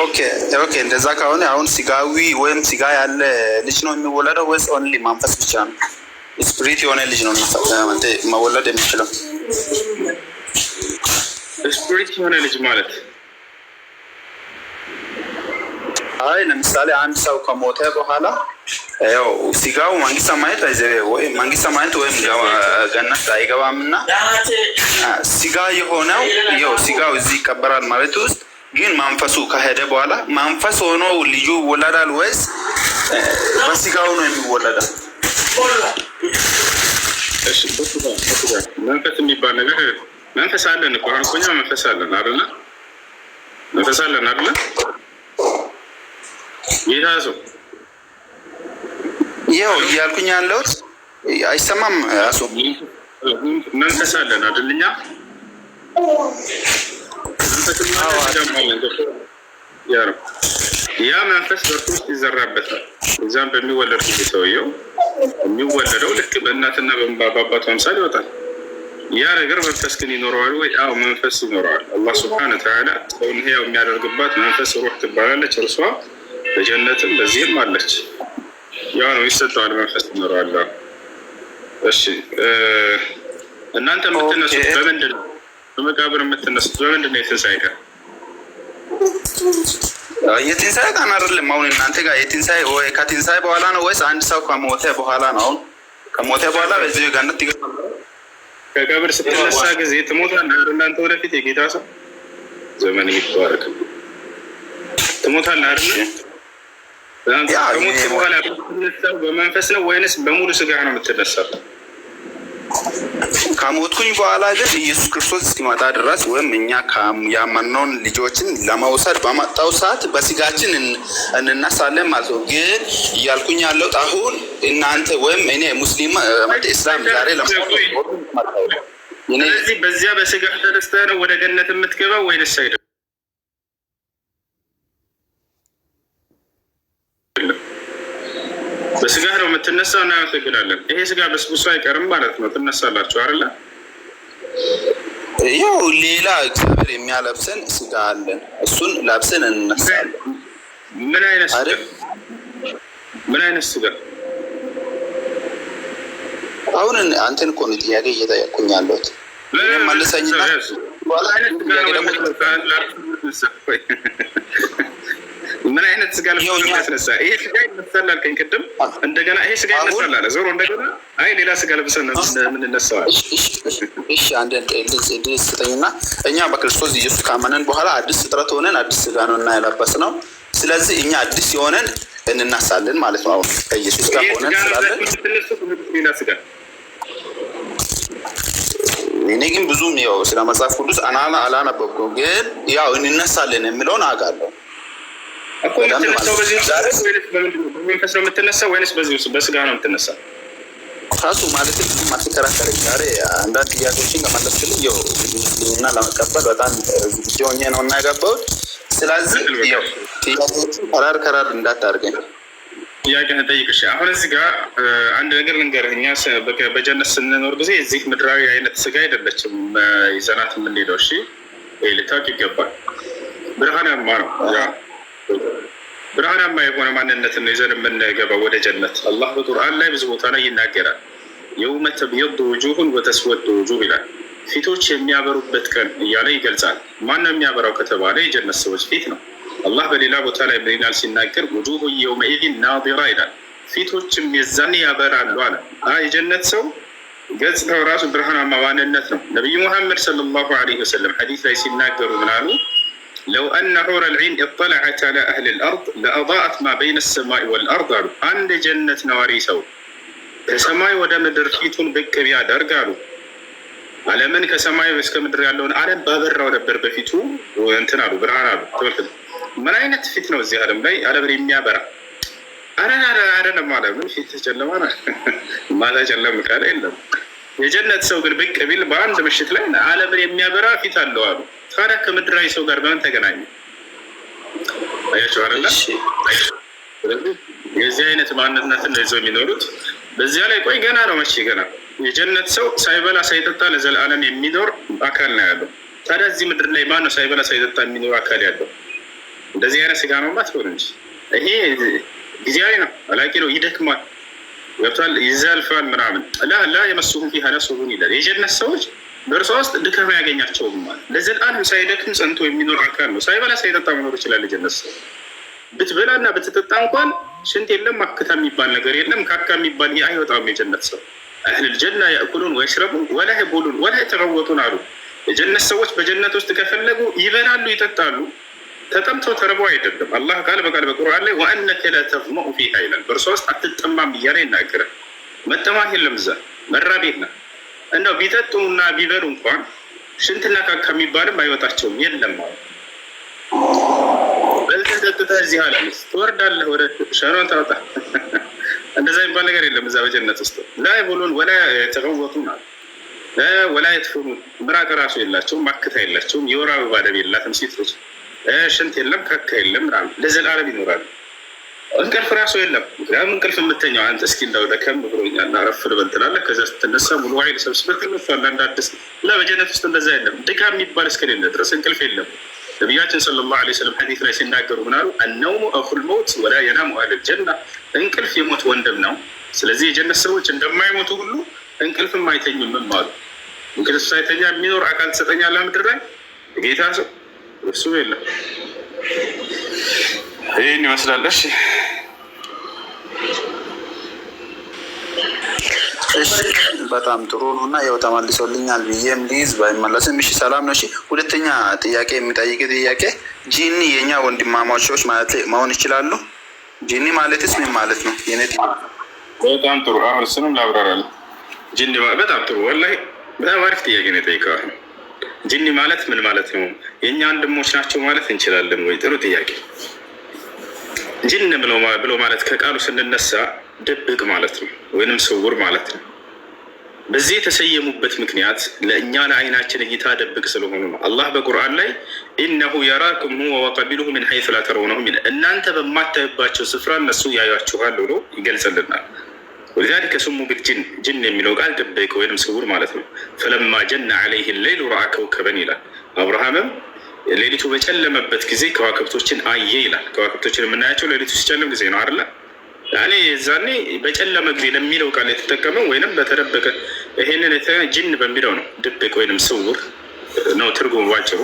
ኦኬ ኦኬ። እንደዛ ከሆነ አሁን ስጋዊ ወይም ስጋ ያለ ልጅ ነው የሚወለደው ወይስ ኦንሊ ማንፈስ ብቻ ነው? ስፕሪት የሆነ ልጅ ነው መወለድ የሚችለው? ስፕሪት የሆነ ልጅ ማለት አይ ለምሳሌ አንድ ሰው ከሞተ በኋላ ያው ሲጋው መንግስት ሰማያት ወይም መንግስት ሰማያት ወይም ገነት አይገባም እና ሲጋ የሆነው ያው ሲጋው እዚህ ይቀበራል ማለት ውስጥ ግን መንፈሱ ከሄደ በኋላ መንፈስ ሆኖ ልጁ ይወለዳል ወይስ በሲጋው ነው የሚወለዳል? መንፈስ የሚባል ነገር መንፈስ አለን እኮ አሁን እኮ እኛ መንፈስ አለን አይደለ? መንፈስ አለን አይደለ? ጌታ ሰው ይኸው እያልኩኝ ያለሁት አይሰማም። አሶ መንፈሳለን አደልኛ ያ መንፈስ በእርሱ ውስጥ ይዘራበታል። እዛም በሚወለድ ጊዜ ሰውየው የሚወለደው ልክ በእናትና በአባቱ አምሳል ይወጣል። ያ ነገር መንፈስ ግን ይኖረዋል ወይ? አዎ መንፈስ ይኖረዋል። አላህ ስብሐነ ወተዓላ ሰውን ህያው የሚያደርግባት መንፈስ ሩህ ትባላለች እርሷ በጀነትም በዚህም አለች። ያ ነው ይሰጠዋል፣ መንፈስ እሺ እናንተ የምትነሱት በምንድን ነው? በመቃብር የምትነሱት በምንድን ነው? ቀን ቀን አይደለም። አሁን እናንተ ጋር የትንሣኤ ወይ ከትንሣኤ በኋላ ነው ወይስ አንድ ሰው ከሞተ በኋላ ነው? አሁን ከሞተ በኋላ በዚህ ገነት ይገባል። ከቀብር ስትነሳ ጊዜ ትሞታለህ። እናንተ ወደፊት የጌታ ሰው ዘመን ይባረክ ትሞታለህ ከሞት በኋላ በመንፈስ ነው ወይንስ በሙሉ ስጋ ነው የምትነሳው? ከሞትኩኝ በኋላ ግን ኢየሱስ ክርስቶስ እስኪመጣ ድረስ ወይም እኛ ያመነውን ልጆችን ለመውሰድ በመጣው ሰዓት በስጋችን እንነሳለን ማለት ነው። ግን እያልኩኝ ያለሁት አሁን እናንተ ወይም እኔ ሙስሊም እስላም ዛሬ ለዚህ በዚያ በስጋ ተነስተህ ነው ወደ ገነት የምትገባው ወይንስ አይደለም? ስጋ ነው የምትነሳው፣ እናያቱ ይብላለን። ይሄ ስጋ በስብሱ አይቀርም ማለት ነው። ትነሳላችሁ አይደለ? ያው ሌላ እግዚአብሔር የሚያለብሰን ስጋ አለን። እሱን ለብሰን እንነሳለን። ምን አይነት ስጋ? ምን አይነት ስጋ? አሁን አንተን እኮ ነው ጥያቄ እየጠየኩኝ ያለሁት። ምን አይነት ስጋ ያስነሳ? ይሄ ስጋ ይነሳል አልከኝ ቅድም። እንደገና ይሄ ስጋ ይነሳል አለ። ዞሮ እንደገና አይ ሌላ ስጋ ለብሰን የምንነሳዋል። እሺ አንድ ስጠኝና እኛ በክርስቶስ ኢየሱስ ካመነን በኋላ አዲስ ፍጥረት ሆነን አዲስ ስጋ ነው እና ያለበስ ነው። ስለዚህ እኛ አዲስ የሆነን እንነሳለን ማለት ነው። አሁን ከኢየሱስ ጋር ሆነን ስላለን እኔ ግን ብዙም ያው ስለ መጽሐፍ ቅዱስ አናላ አላነበብኩም፣ ግን ያው እንነሳለን የሚለውን አውቃለሁ እኮ የምትነሳው በዚህ በመንፈስ ነው የምትነሳው ወይንስ በዚህ በስጋ ነው የምትነሳው? ራሱ ማለት ማትከራከር ዛሬ አንዳንድ ጥያቄዎችን ለመለስ ስል እና ለመቀበል በጣም ዝግጅ ሆኜ ነው እና ስለዚህ ጥያቄዎቹ ከራር ከራር እንዳታደርገኝ ጥያቄ ንጠይቅሽ። አሁን እዚህ ጋር አንድ ነገር ልንገርህ። እኛ በጀነት ስንኖር ጊዜ እዚህ ምድራዊ አይነት ስጋ አይደለችም ይዘናት የምንሄደው። እሺ ልታውቅ ይገባል። ብርሃናማ ነው ብርሃናማ የሆነ ማንነትን ነው ይዘን የምንገባው ወደ ጀነት። አላህ በቁርአን ላይ ብዙ ቦታ ላይ ይናገራል። የውመ ተብየዱ ውጁሁን ወተስወዱ ውጁህ ይላል። ፊቶች የሚያበሩበት ቀን እያለ ይገልጻል። ማን ነው የሚያበራው ከተባለ የጀነት ሰዎች ፊት ነው። አላህ በሌላ ቦታ ላይ ምን ይላል ሲናገር ውጁሁ የውመኢዚን ናዲራ ይላል። ፊቶችም የዛን ያበራሉ አለ። የጀነት ሰው ገጽታው ራሱ ብርሃናማ ማንነት ነው። ነቢይ ሙሐመድ ሰለላሁ ዐለይሂ ወሰለም ሐዲስ ላይ ሲናገሩ ምናሉ ለው አነ ሑረ ልዒን እጠለዐት አላ አህል ልአርድ ለአضአት ማ በይነ ሰማይ ወልአርድ አሉ። አንድ የጀነት ነዋሪ ሰው ከሰማይ ወደ ምድር ፊቱን ብቅ ቢያደርግ አሉ ዓለምን ከሰማይ እስከ ምድር ያለውን ዓለም ባበራው ነበር በፊቱ እንትን አሉ ብርሃን አሉ። ትምህርት ምን አይነት ፊት ነው እዚህ ዓለም ላይ ዓለምን የሚያበራ አረን አረን አረን ማለም ፊት ጨለማ ማታ ጨለም ካለ የለም የጀነት ሰው ግን ብቅ ቢል በአንድ ምሽት ላይ ዓለምን የሚያበራ ፊት አለው አሉ። ታዲያ ከምድራዊ ሰው ጋር በምን ተገናኙ? አያቸው የዚህ አይነት ማንነትን ይዘው የሚኖሩት በዚያ ላይ ቆይ ገና ነው መቼ ገና የጀነት ሰው ሳይበላ ሳይጠጣ ለዘላለም የሚኖር አካል ነው ያለው። ታዲያ እዚህ ምድር ላይ ማን ነው ሳይበላ ሳይጠጣ የሚኖር አካል ያለው? እንደዚህ አይነት ስጋ ነው ማትሆን እንጂ ይሄ ጊዜያዊ ነው፣ አላቂ ነው፣ ይደክማል። ገብቷል። ይዘልፋል ምናምን ላ ላ የመሱሁም ፊሃ ነሱቡን ይላል። የጀነት ሰዎች በእርሷ ውስጥ ድካም ያገኛቸውም ማለት ለዘላለም ሳይደክም ጸንቶ የሚኖር አካል ነው። ሳይበላ ሳይጠጣ መኖር ይችላል። የጀነት ሰው ብትበላ እና ብትጠጣ እንኳን ሽንት የለም፣ አክታ የሚባል ነገር የለም፣ ካካ የሚባል አይወጣም። የጀነት ሰው አህልል ጀና ያእኩሉን ወይሽረቡን ወላ ይቡሉን ወላ የተቀወጡን አሉ። የጀነት ሰዎች በጀነት ውስጥ ከፈለጉ ይበላሉ፣ ይጠጣሉ ተጠምቶ ተርቦ አይደለም። አላህ ቃል በቃል በቁርአን ላይ ወአነከ ላ ፊሃ ይላል። በእርሷ ውስጥ አትጠማም እያለ ይናገራል። መጠማት የለም እዛ መራቤት ነው። እንደው ቢጠጡና ቢበሉ እንኳን ሽንትና ካካ የሚባልም አይወጣቸውም። የለም ማለት በልተህ ጠጥተህ እዚህ አለ ትወርዳለህ፣ ወደ ሸኖን ታወጣ እንደዛ የሚባል ነገር የለም እዛ በጀነት ውስጥ ላ ብሎን ወላ የተፈወቱ ናል ወላ የትፍኑ ምራቅ ራሱ የላቸውም፣ ማክታ የላቸውም። የወር አበባ ደም የላትም ሴት ሽንት የለም ከካ የለም ለዘላለም ይኖራል። እንቅልፍ ራሱ የለም። ምክንያቱም እንቅልፍ የምተኛው አንተ እስኪ እንዳው ደከም ብሎኛል አረፍ ልበል ትላለህ። ከዚያ ስትነሳ ሙሉ ኃይል ሰብስበህ ትነሳለህ። አንድ አዲስ እና በጀነት ውስጥ እንደዛ የለም። ድካም የሚባል እስከሌለ ድረስ እንቅልፍ የለም። ነቢያችን ሰለላሁ ዐለይሂ ወሰለም ሐዲስ ላይ ሲናገሩ ምናሉ? አነውሙ አኹል መውት ወላ የናሙ አህሉል ጀና። እንቅልፍ የሞት ወንድም ነው። ስለዚህ የጀነት ሰዎች እንደማይሞቱ ሁሉ እንቅልፍም አይተኝምም አሉ። እንቅልፍ ሳይተኛ የሚኖር አካል ትሰጠኛለህ ምድር ላይ ጌታ ሰው እሱ የለም። ይህን ይመስላል። እሺ በጣም ጥሩ ነው እና ያው ተመልሶልኛል ብዬም ሊይዝ ባይመለስም፣ እሺ ሰላም ነው። እሺ ሁለተኛ ጥያቄ የሚጠይቅ ጥያቄ ጂኒ የእኛ ወንድማማቾች ማለት መሆን ይችላሉ? ጂኒ ማለትስ ምን ማለት ነው? የኔ በጣም ጥሩ አሁን ስምም ላብራራል። ጂኒ በጣም ጥሩ ወላሂ፣ በጣም አሪፍ ጥያቄ ነው የጠይቀዋል። ጅኒ ማለት ምን ማለት ነው? የእኛ ወንድሞች ናቸው ማለት እንችላለን ወይ? ጥሩ ጥያቄ። ጅን ብሎ ማለት ከቃሉ ስንነሳ ድብቅ ማለት ነው፣ ወይንም ስውር ማለት ነው። በዚህ የተሰየሙበት ምክንያት ለእኛ ለአይናችን እይታ ደብቅ ስለሆኑ ነው። አላህ በቁርአን ላይ ኢነሁ የራኩም ሁወ ወቀቢሉሁ ምን ሐይሱ ላ ተረውነሁም፣ እናንተ በማታዩባቸው ስፍራ እነሱ ያዩአችኋል ብሎ ይገልጽልናል። ወሊዛሊከ ስሙ ብልጅን ጅን የሚለው ቃል ደበቅ ወይም ስውር ማለት ነው። ፈለማ ጀነ ዓለይህ ሌይሉ ረአ ከውከበን ይላል። አብርሃምም ሌሊቱ በጨለመበት ጊዜ ከዋክብቶችን አየ ይላል። ከዋክብቶችን የምናያቸው ሌሊቱ ሲጨልም ጊዜ ነው አይደለ? ያኔ የዛኔ በጨለመ ጊዜ ለሚለው ቃል የተጠቀመው ወይንም በተደበቀ ይሄንን ጅን በሚለው ነው። ድብቅ ወይንም ስውር ነው ትርጉሙ ባጭሩ።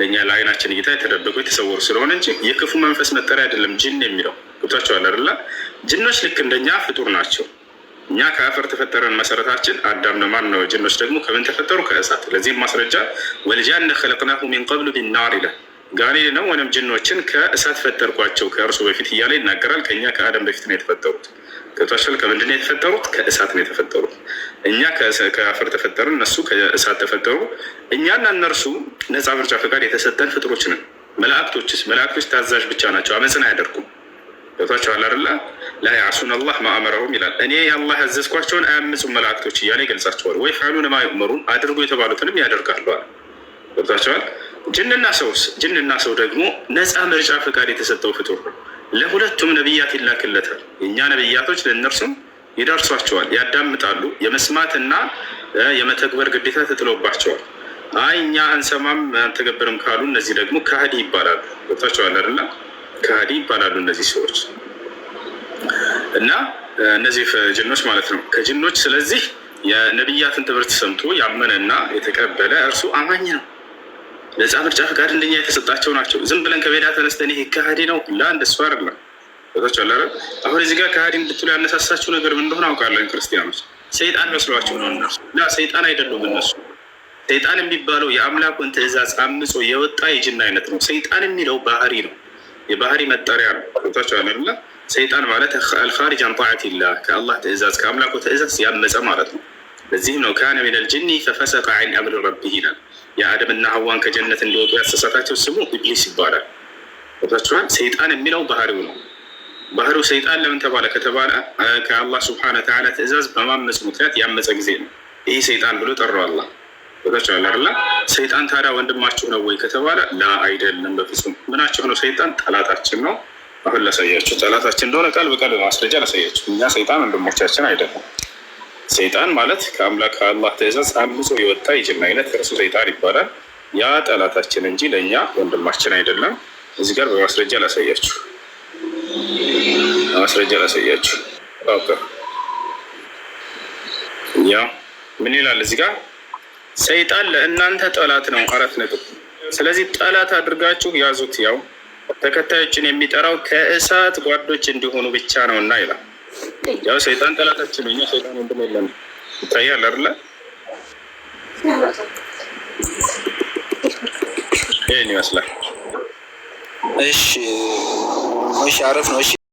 ለእኛ ለአይናችን እይታ የተደበቁ የተሰወሩ ስለሆነ እንጂ የክፉ መንፈስ መጠሪያ አይደለም ጅን የሚለው ገብቷቸዋል አይደለ? ጅኖች ልክ እንደኛ ፍጡር ናቸው። እኛ ከአፈር ተፈጠረን መሰረታችን አዳም ነው። ማን ነው? ጅኖች ደግሞ ከምን ተፈጠሩ? ከእሳት። ለዚህም ማስረጃ ወልጃነ ከለቅናሁ ሚን ቀብሉ ቢናር ይላል። ጋኔል ነው ወይም ጅኖችን ከእሳት ፈጠርኳቸው ከእርሱ በፊት እያለ ይናገራል። ከእኛ ከአደም በፊት ነው የተፈጠሩት። ከቷሸል ከምንድን ነው የተፈጠሩት? ከእሳት ነው የተፈጠሩት። እኛ ከአፈር ተፈጠርን፣ እነሱ ከእሳት ተፈጠሩ። እኛና እነርሱ ነፃ ምርጫ ፈቃድ የተሰጠን ፍጥሮች ነን። መላእክቶችስ? መላእክቶች ታዛዥ ብቻ ናቸው፣ አመፅን አያደርጉም። ገብቷቸዋል አይደል? ላያሱን አላህ ማእመረሁም ይላል። እኔ የአላህ ያዘዝኳቸውን አያምፁም መላእክቶች እያለ ይገልጻቸዋል። ወይ ፈሉን ማ ዩእመሩን አድርጉ የተባሉትንም ያደርጋለዋል። ገብታቸዋል። ጅንና ሰውስ? ጅንና ሰው ደግሞ ነፃ ምርጫ ፍቃድ የተሰጠው ፍጡር ነው። ለሁለቱም ነብያት ይላክለታል። እኛ ነብያቶች ለእነርሱም ይደርሷቸዋል፣ ያዳምጣሉ። የመስማትና የመተግበር ግዴታ ተጥሎባቸዋል። አይ እኛ አንሰማም አንተገብርም ካሉ እነዚህ ደግሞ ከሃዲ ይባላሉ። ገብታቸዋል አይደል? ከሃዲ ይባላሉ እነዚህ ሰዎች እና እነዚህ ጅኖች ማለት ነው ከጅኖች ስለዚህ የነቢያትን ትምህርት ሰምቶ ያመነ እና የተቀበለ እርሱ አማኝ ነው። ነጻ ምርጫ ፍቃድ እንደኛ የተሰጣቸው ናቸው። ዝም ብለን ከሜዳ ተነስተን ይሄ ከሃዲ ነው ላ እንደሱ አይደለም። አሁን እዚህ ጋር ከሃዲ እንድትሉ ያነሳሳችሁ ነገር ምን እንደሆነ አውቃለን። ክርስቲያኖች ሰይጣን መስሏቸው ነው እነሱ። ላ ሰይጣን አይደሉም እነሱ። ሰይጣን የሚባለው የአምላኩን ትእዛዝ አምጾ የወጣ የጅን አይነት ነው። ሰይጣን የሚለው ባህሪ ነው፣ የባህሪ መጠሪያ ነው። ሰይጣን ማለት አልካሪጅ አን ጣዓቲላህ ከአላህ ትእዛዝ ከአምላኩ ትእዛዝ ያመፀ ማለት ነው። በዚህም ነው ካነ ሚነል ልጅኒ ፈፈሰቀ ዐን አምር ረቢህ ይላል። የአደምና ሀዋን ከጀነት እንደወጡ ያሳሳታቸው ስሙ ኢብሊስ ይባላል። ቦታችኋል ሰይጣን የሚለው ባህሪው ነው። ባህሪው ሰይጣን ለምን ተባለ ከተባለ ከአላህ ስብሐነ ወተዓላ ትእዛዝ በማመፅ ምክንያት ያመፀ ጊዜ ነው። ይህ ሰይጣን ብሎ ጠራው አላህ ቦታችኋል አላ ሰይጣን ታዲያ ወንድማችሁ ነው ወይ ከተባለ ላ አይደለም በፍጹም ምናችሁ ነው። ሰይጣን ጠላታችን ነው። አሁን ላሳያችሁ ጠላታችን እንደሆነ ቃል በቃል በማስረጃ ላሳያችሁ። እኛ ሰይጣን ወንድሞቻችን አይደለም። ሰይጣን ማለት ከአምላክ ከአላህ ትእዛዝ አምጾ የወጣ የጅን አይነት እርሱ ሰይጣን ይባላል። ያ ጠላታችን እንጂ ለእኛ ወንድማችን አይደለም። እዚህ ጋር በማስረጃ ላሳያችሁ፣ በማስረጃ ላሳያችሁ። ያ ምን ይላል እዚህ ጋር ሰይጣን ለእናንተ ጠላት ነው። አራት ነጥብ። ስለዚህ ጠላት አድርጋችሁ ያዙት ያው ተከታዮችን የሚጠራው ከእሳት ጓዶች እንዲሆኑ ብቻ ነው እና ይላል። ያው ሰይጣን ጠላታችን ነው። እኛ ሰይጣን ወንድም የለም። ይታያል አይደለ? ይህን ይመስላል። እሺ፣ እሺ፣ አሪፍ ነው። እሺ እሺ አረፍ ነው